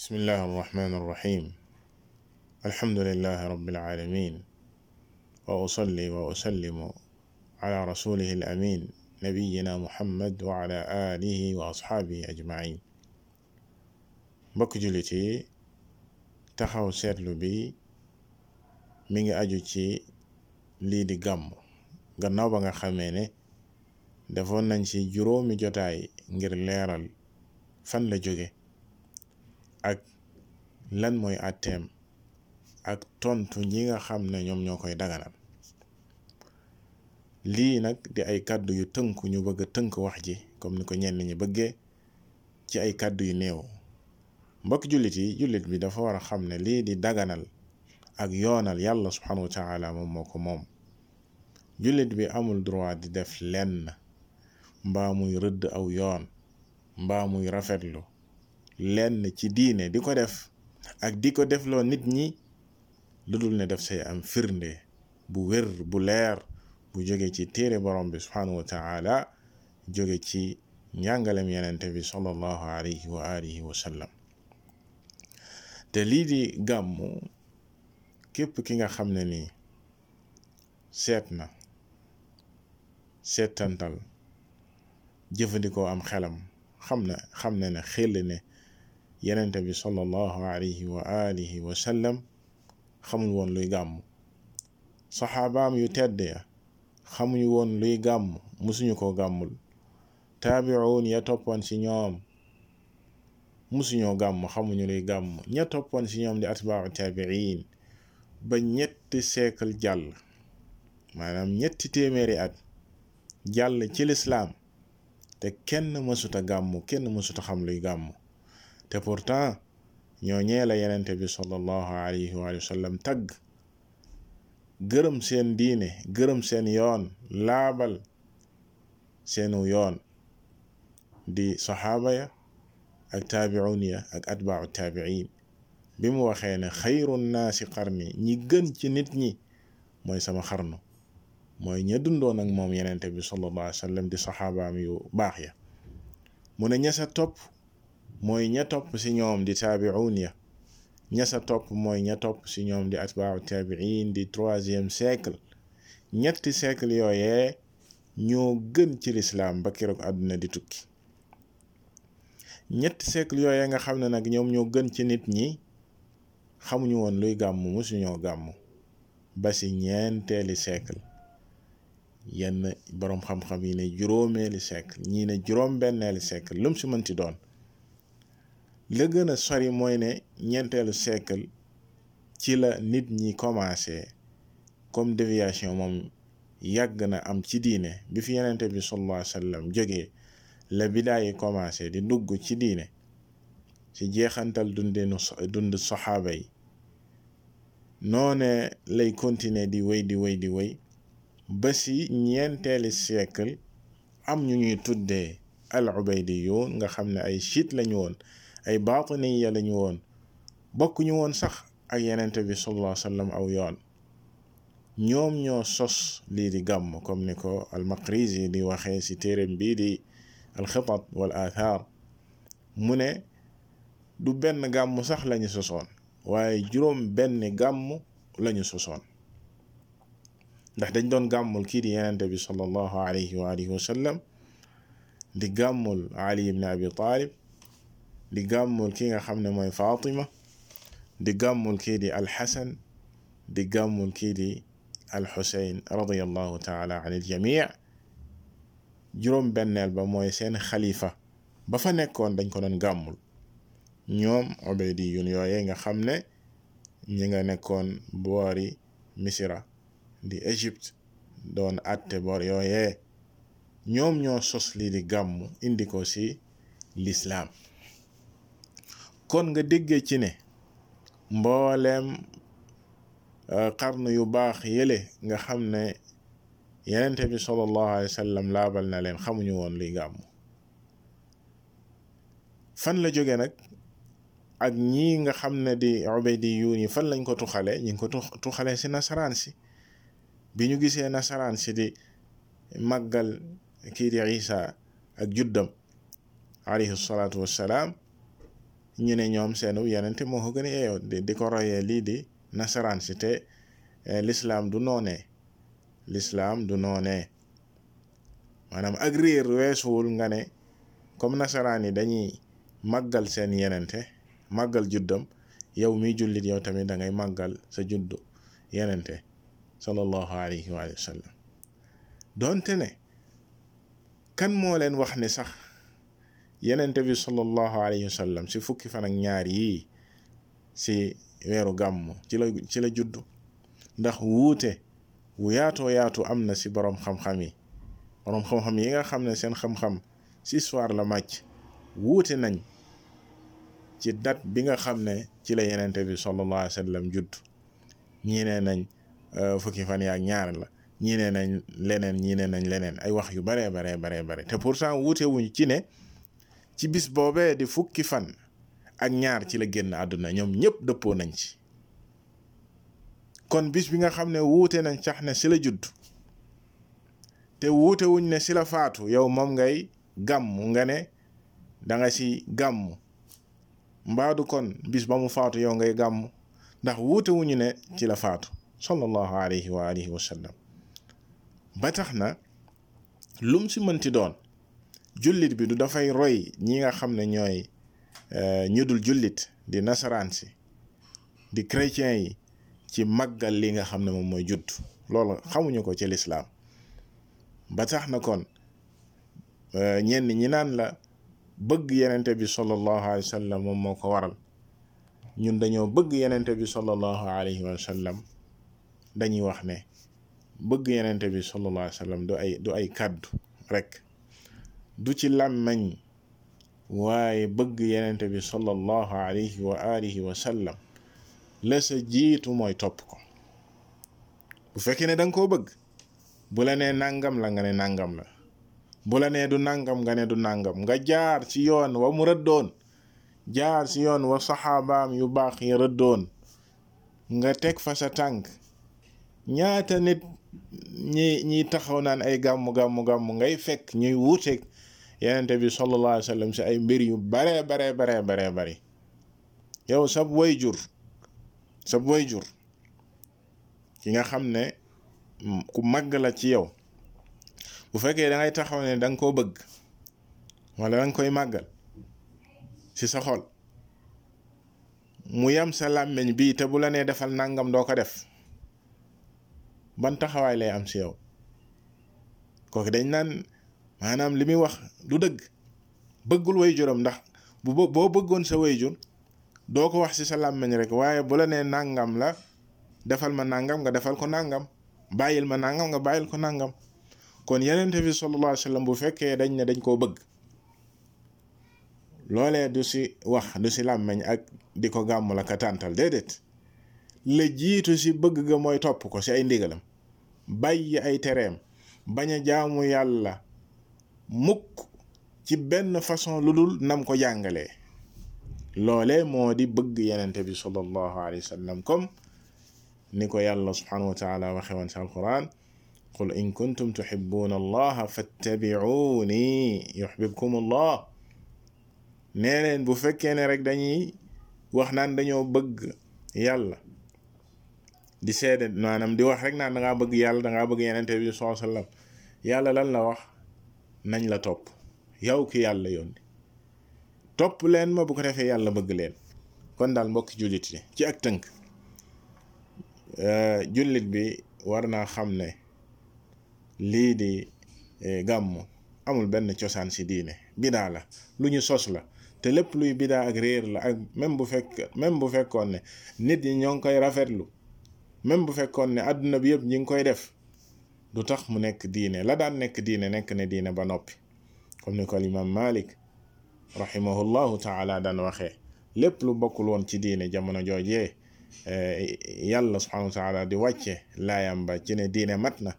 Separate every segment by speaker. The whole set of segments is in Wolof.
Speaker 1: bismillahi arrahmani irrahim alhamdulilahi rabilalamin wa usalli wa usallimu ala rasulihi al amin nabiyina muhammad wa ala alihi wa asxaabihi ajmain mbokk jullit yi taxaw seetlu bi mi ngi aju ci lii di gàmm naw ba nga xamee ne defoon nañ ci juróomi jotaay ngir leeral fan la jóge ak lan mooy àtteem ak tontu ñi nga xam ne ñoom ñoo koy daganal lii nag di ay kàddu yu tënk ñu bëgg a tënk wax ji comme ni ko ñenn ñi bëggee ci ay kàddu yu néew mbokk jullit yi jullit bi dafa war a xam ne lii di daganal ak yoonal yàlla subhanahu wa moom moo ko moom jullit bi amul droit di def lenn mbaa muy rëdd aw yoon mbaa muy rafetlu lenn ci diine di ko def ak di ko defloo nit ñi lu dul ne def say am firnde bu wér bu leer bu jóge ci téere borom bi subhanahu wa taala jóge ci njàngalem yenente bi sallallahu alayhi wa alihi te lii di gàmmu képp ki nga xam ne nii seet na seetantal jëfandikoo am xelam xam na xam ne ne xel ne yenente bi sallallahu alayhi wa alihi wa sallam xamul woon luy gàmmu saxaabaam yu tedd ya xamuñu woon luy gàmm musuñu ko gàmmul taabiroon ya toppoon ci ñoom musuñoo gàmm xamuñu luy gàmm ña toppoon ci ñoom di atbaaru taabiin ba ñetti siècle jàll maanaam ñetti téeméeri at jàll ci lislaam te kenn mësuta gàmm kenn mësuta xam luy gàmm te pourtant ñooñee la yenente bi sallallahu alayhi wa sallam tagg gërëm seen diine gërëm seen yoon laabal seenu yoon di saxaaba ya ak taabi'un ya ak atbaa'u taabi'in bi mu waxee ne xayru naasi qarni ñi gën ci nit ñi mooy sama xarnu mooy ña dundoon ak moom yenente bi sallallahu alayhi di saxaabaam yu baax ya mu ne ña topp mooy ña topp si ñoom di taabi'un ya ña sa topp mooy ña topp si ñoom di atbaaru taabi'in di troisième siècle ñetti siècle yooyee ñoo gën ci lislaam ba keroog àdduna di tukki ñetti siècle yooyee nga xam ne nag ñoom ñoo gën ci nit ñi xamuñu woon luy gàmmu musuñoo gàmmu ba ci ñeenteeli siècle yenn boroom xam-xam yi ne juróomeeli siècle ñii ne juróom benneeli siècle lum si mënti doon la gën a sori mooy ne ñeenteelu siècle ci la nit ñi commencé comme déviation moom yàgg na am ci diine bi fi yenente bi sallallahu alayhi wa sallam jógee la bidaa yi commencé di dugg ci diine ci jeexantal dundinu dund soxaaba yi noone lay continuer di way di way di wéy ba ci ñeenteelu siècle am ñu ñuy tuddee al ubaydiyun nga xam ne ay chiite lañu woon ay baatiniya lañu woon bokkuñu woon sax ak yenent bi sallallahu alayhi aw yoon ñoom ñoo sos lii di gàmm comme ni ko almaqrisi di waxee ci téeréem bii di alxitat wal athar mu ne du benn gàmmu sax lañu sosoon waaye juróom benn gàmm lañu sosoon ndax dañ doon gàmmul kii di yenente bi sallallahu alayhi wa alihi di gàmmul ali ibn abi talib di gàmmul ki nga xam ne mooy Fatima di gàmmul kii di Alxasan di gàmmul kii di Alxuseyn radiyallahu taala an aljamii juróom-benneel ba mooy seen xalifa ba fa nekkoon dañ ko doon gàmmul ñoom ubaydiyun yooye nga xam ne ñi nga nekkoon boori misira di Égypte doon àtte boor yooye ñoom ñoo sos lii di gàmmu indi ko ci lislaam kon nga déggee ci ne mbooleem xarnu euh, yu baax yële nga xam ne yenente bi sallallahu alayhi wa sallam laabal na leen xamuñu woon liy gàmmu fan la jóge nag ak ñii nga xam ne di ubaydiyuun yi fan lañ ko tuxale ñi ngi ko tuxale si nasaraan si bi ñu gisee nasaraan si di màggal kii di isa ak juddam alayhi salaatu wassalaam ñu ne ñoom seenu yonente moo ko gën a yeeyoo di ko royee lii di nasaraan si te eh, lislaam du noonee lislaam du noonee maanaam ak réer weesuwul nga ne comme nasaraan yi dañuy màggal seen yenente màggal juddam yow miy jullit yow tamit da ngay màggal sa juddu yenente sallallahu alayhi wa sallam doonte ne kan moo leen wax ni sax yenente bi sallallahu alayhi wa sallam si fukki fan ñaar yii si weeru gàmm ci la ci la judd ndax wuute wu yaatoo yaatu am na si boroom xam-xam yi boroom xam-xam yi nga xam ne seen xam-xam si histoire la màcc wuute nañ ci date bi nga xam ne ci la yenente bi sallallahu alayhi wa sallam judd ñii ne nañ euh, fukki fan yaak ñaar la ñii nee nañ leneen ñii nee nañ leneen ay wax yu baree baree baree bare te pourtant wuute wuñ ci ne ci bis boobee di fukki fan ak ñaar ci la génn àdduna ñoom ñëpp dëppoo nañ ci kon bis bi nga xam ne wuute nañ cax ne ci la juddu te wuute wuñ ne ci la faatu yow moom ngay gàmmu nga ne da nga si gàmmu mbaadu kon bis ba mu faatu yow ngay gàmm ndax wuute wuñu ne ci la faatu sallallahu alayhi wa alihi wa sallam ba tax na lum si mënti doon jullit bi du dafay roy ñi nga xam ne ñooy euh, ñu dul jullit di nasaraan si di chrétien yi ci màggal li nga xam ne moom mooy judd loolu xamuñu ko ci lislaam ba tax na kon euh, ñenn ñi naan la bëgg yenente bi sallallahu alayhi wa moom moo ko waral ñun dañoo bëgg yenent bi sallallahu alayhi wa dañuy wax ne bëgg yenente bi sallallahu du ay du ay kàddu rekk du ci làmmañ waaye bëgg yenente bi sallallahu alayhi wa alihi wa sallam la sa jiitu mooy topp ko bu fekkee ne danga koo bëgg bu la nee nàngam la nga ne nàngam la bu la nee du nàngam nga ne du nàngam nga jaar ci yoon wa mu rëddoon jaar ci yoon wa saxaabaam yu baax yi rëddoon nga teg fa sa tànk ñaata nit ñi ñiy taxaw naan ay gàmmu gàmmu gàmmu ngay fekk ñuy wuuteeg yenente bi sallallahu alayhi wa si ay mbir yu baree baree baree baree bari yow sab woy jur sab woy jur ki nga xam ne ku màgg la ci yow bu fekkee da taxaw ne danga koo bëgg wala danga koy màggal si sa xol mu yam sa làmmiñ bi te bu la nee defal nangam doo ko def ban taxawaay lay am si yow kooku dañ naan maanaam li muy wax du dëgg bëggul waajuram ndax bu boo bëggoon sa waajur doo ko wax ci sa làmmeñ rekk waaye bu la nee nàngam la defal ma nàngam nga defal ko nàngam bàyyil ma nàngam nga bàyyil ko nàngam kon yenente bi sallallahu alayhi wasallam bu fekkee dañ ne dañ koo bëgg loolee du ci wax du ci làmmeñ ak di ko gàmmu la ka tàntal déedéet la jiitu ci bëgg nga mooy topp ko ci ay ndigalam bàyyi ay tereem bañ a jaamu yàlla muk ci benn façon lu dul nam ko jàngalee loole moo di bëgg yenente bi sallallahu alayhi wa ni ko yàlla subhanahu wa taala waxe woon ci alquran qul in kuntum tuhibbuna allaha fattabi'uni yuhibbukum allah nee bu fekkee ne rek dañuy wax naan dañoo bëgg yàlla di seede maanaam di wax rek naan dangaa bëgg yàlla dangaa bëgg yenente bi sallallahu alayhi wa yàlla lan la wax nañ la topp yow ki yàlla yónni topp leen ma bu ko defee yàlla bëgg leen kon daal mbokki jullit yi ci ak tënk euh, jullit bi war naa xam ne lii di eh, gàmmu amul benn cosaan si diine bidaa la lu ñu sos la te lépp luy bidaa ak réer la ak même bu fekk même bu fekkoon ne nit ñi ñoo ngi koy rafetlu même bu fekkoon ne àdduna bi yëpp ñi ngi koy def du tax mu nekk diine la daan nekk diine nekk ne diine ba noppi comme ni ko al imam malik rahimahullahu taala daan waxee lépp lu bokkul woon ci diine jamono joojee eh, yàlla subhanahu taala di wàcce laayam ba ci ne diine mat na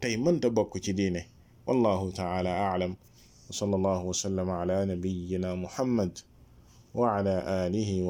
Speaker 1: tey mënta bokk ci diine wallahu taala aalam wa sallallahu wa sallama ala nabiyina muhammad wa ala alihi